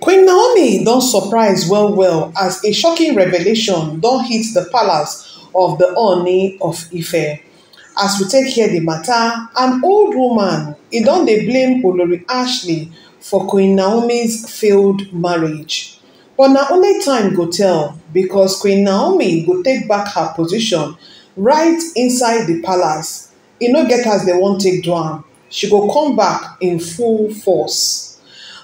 Queen Naomi don't surprise well well as a shocking revelation don't hit the palace of the Ooni of Ife. As we take hear the matter, an old woman it e don't dey blame Olori Ashley for Queen Naomi's failed marriage. But now only time go tell because Queen Naomi go take back her position right inside the palace. It e no get as dem wan take do She go come back in full force.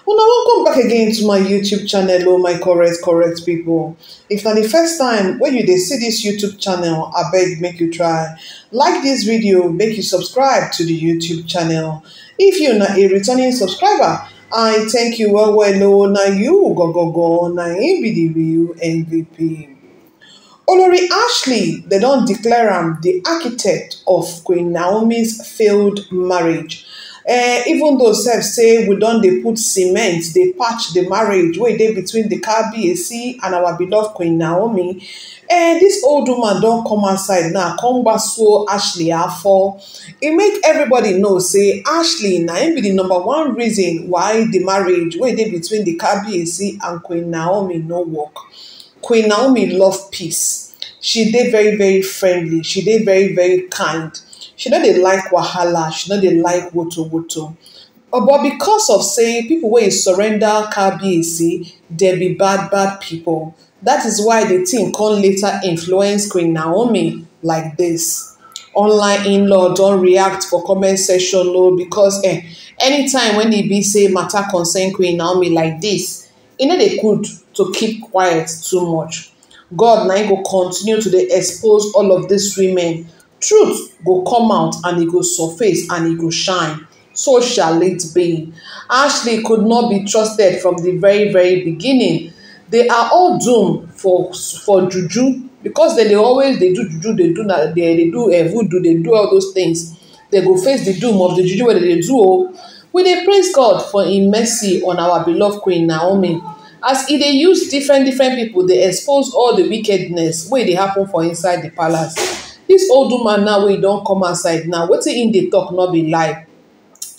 now, welcome back again to my YouTube channel, oh my correct, correct people. If not the first time when you they see this YouTube channel, I beg make you try. Like this video, make you subscribe to the YouTube channel. If you are not a returning subscriber, I thank you well well no oh, na you go go go, na him be the real MVP. Olori Ashley, they don't declare am the architect of Queen Naomi's failed marriage. Eh, even though sef say we don dey put cement dey patch the marriage wey dey between di kabiyesi and our beloved queen naomi eh this old woman don come outside now come gbasuo ashley afo e make everybody know say ashley na im be di number one reason why the marriage wey dey between di kabiyesi and queen naomi no work queen naomi love peace she dey very very friendly she dey very very kind she know they like wahala she know they like woto woto uh, but because of say people you surrender b, a, c, they be bad bad people that is why the thing come later influence queen naomi like this online in-law don't react for comment section law oh, because eh anytime when they be say matter concern queen naomi like this you know they could to keep quiet too much god na go continue to expose all of these women truth go come out and it go surface and it go shine so shall it be ashley could not be trusted from the very very beginning they are all doomed for for juju because they always they do juju they do not, they they do uh, voodoo they do all those things they go face the doom of the juju wey they do o oh. we they praise god for in mercy on our beloved queen naomi as if they use different different people they expose all the wickedness where they happen for inside the palace This old woman now wey don come outside now wetin im dey talk? no be lie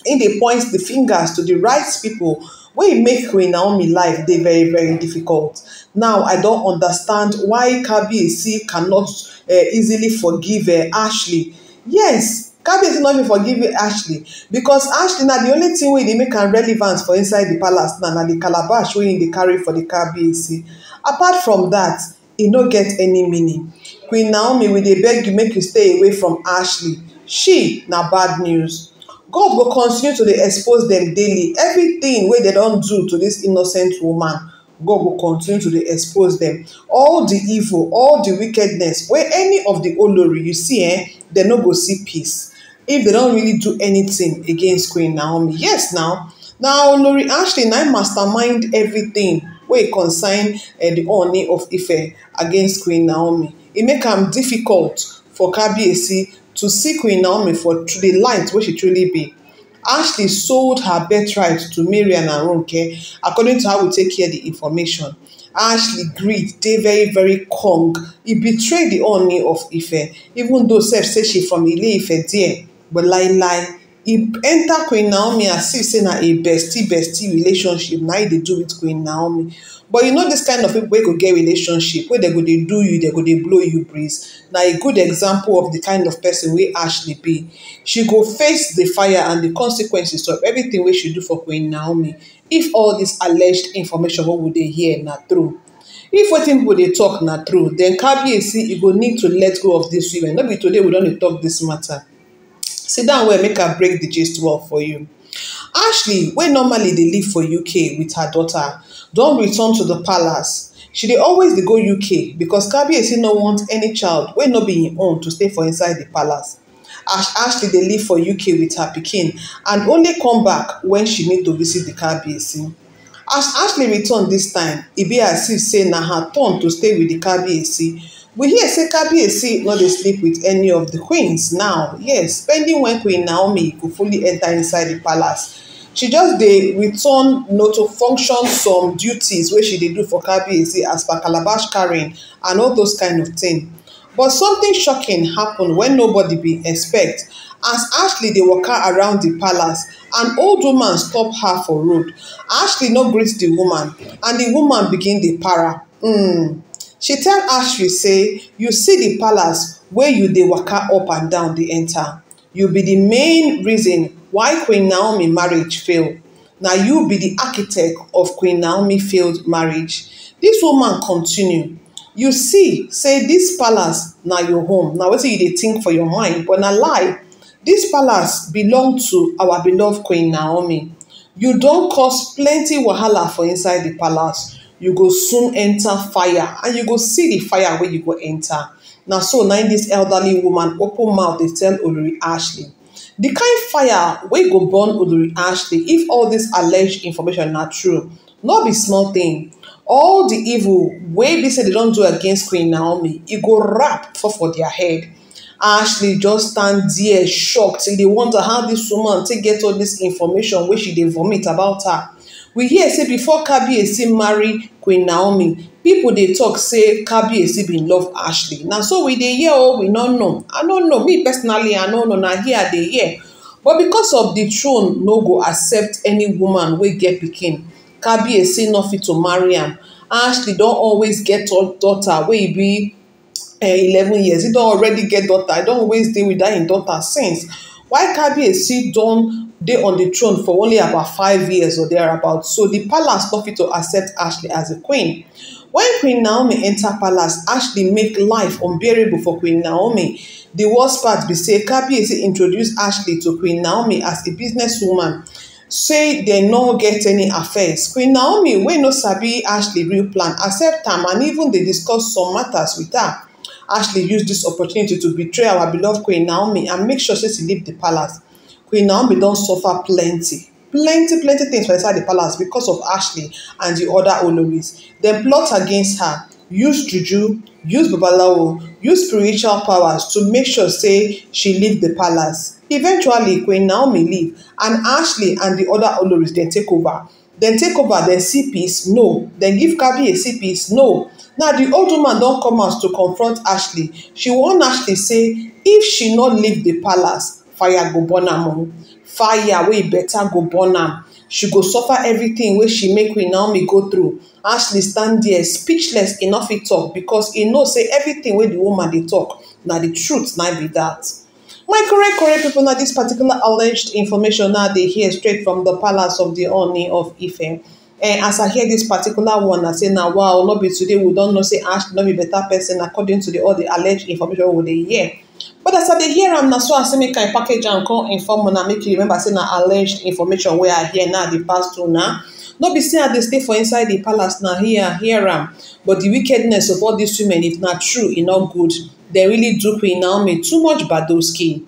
im dey point the fingers to the right people wey make queen naomi life dey very very difficult now i don understand why kabiyesi cannot eh, easily forgive eh, ashley yes kabiyesi no be forgive ashley because ashley na the only thing wey dey make am relevant for inside the palace now na the calabash wey im dey carry for the kabiyesi apart from that, e no get any meaning Queen Naomi, we they beg you make you stay away from Ashley. She na bad news. God will continue to expose them daily. Everything where they don't do to this innocent woman, God will continue to expose them. All the evil, all the wickedness Where any of the Olori you see eh, they no go see peace. If they don't really do anything against Queen Naomi. Yes now, now Olori Ashley now mastermind everything wey consign eh, the only of Ife against Queen Naomi. e make am difficult for Kabiyesi to seek Queen Naomi for the light wey she truly be. Ashley sold her birthright to Mariam and according to how we take hear the information. Ashley greed dey very very kong. E betray the Ooni of Ife even though sef say she from Ile-Ife there but lie lie e enter queen naomi as if say na a bestie bestie relationship na e dey do with queen naomi but you know this kind of people wey go get relationship wey dem go dey do you dem go dey blow you breeze na a good example of the kind of person wey ashley be she go face the fire and the consequences of everything wey she do for queen naomi if all this alleged information wey we dey hear na true if wetin pipo dey talk na true then kabiyesi e go need to let go of this women no be today we don dey talk this matter sit down well make i break the gist well for you ashley wey normally dey live for uk with her daughter don return to the palace she dey always dey go uk becos kabiyesi no want any child wey no be im own to stay for inside the palace as ashley dey live for uk with her pikin and only come back when she need to visit di kabiyesi as ashley return this time e be as if say na her turn to stay wit di kabiyesi We hear say Kabiyesi not dey sleep with any of the queens now. Yes, pending when Queen Naomi could fully enter inside the palace. She just they return not to function some duties where she did do for Kabiyesi as per calabash carrying and all those kind of thing. But something shocking happened when nobody be expect as Ashley they walk around the palace an old woman stop her for road. Ashley no greet the woman and the woman begin the para. Mm. she tell ashley say you see the palace wey you dey waka up and down dey enter. you be the main reason why queen naomi marriage fail na you be the architect of queen naomi failed marriage This woman continue you see say this palace na your home na wetin you dey think for your mind but na lie This palace belong to our beloved queen naomi you don cause plenty wahala for inside the palace you go soon enter fire and you go see the fire where you go enter na so na this elderly woman open mouth dey tell olori ashley di kind fire wey go burn olori ashley if all this alleged information na true no be small thing. all the evil wey be say they don do against queen naomi e go wrap for for their head ashley just stand there shocked e dey wonder how this woman take get all this information wey she dey vomit about her we hear say before kabiyesi marry queen naomi People dey talk say kabiyesi bin love ashley na so we dey hear oh we no know i no know me personally i no know na here i dey hear but because of the throne no go accept any woman wey get pikin kabiyesi no fit to marry am ashley don always get daughter wey e be eh, eleven years He don already get daughter e don always dey with that im daughter since while kabiyesi don dey on the throne for only about five years or thereabout, so the palace no fit to accept Ashley as a queen. When Queen Naomi enter palace, Ashley make life unbearable for Queen Naomi. The worst part be say Kabiyesi introduce Ashley to Queen Naomi as a businesswoman, say dem no get any affairs. Queen Naomi wey no sabi Ashley real plan accept am and even dey discuss some matters with her. Ashley use dis opportunity to betray our beloved Queen Naomi and make sure say she leave the palace. Queen don't suffer plenty plenty plenty things for inside the palace because of Ashley and the other Oloris. They plot against her, use juju, use babalawo, use spiritual powers to make sure say she leave the palace. Eventually, Queen Naomi leave and Ashley and the other Oloris they take over. They take over, dem see peace, no. they give Kabi a see peace, no. Now the old woman don't come out to confront Ashley. She warn Ashley say if she not leave the palace, fire go burn am o fire wey e better go burn am she go suffer everything wey she make queen naomi go through ashley stand there speechless e no fit talk because e know say everything wey the woman dey talk na the truth na be that. my correct correct people na this particular alleged information na dey hear straight from the palace of the Oni of ife and as i hear this particular one i say na wow no be today we don know say Ashley no be better person according to the all the alleged information we dey hear but as i dey hear am na so i say make i package am come inform una make you remember say na alleged information wey i hear now dey pass to una no be say i dey stay for inside the palace na here i hear am but the wickedness of all these women if na true e no good dem really do queen naomi too much badoski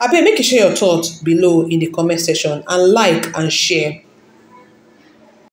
abeg make you share your thoughts below in the comment section and like and share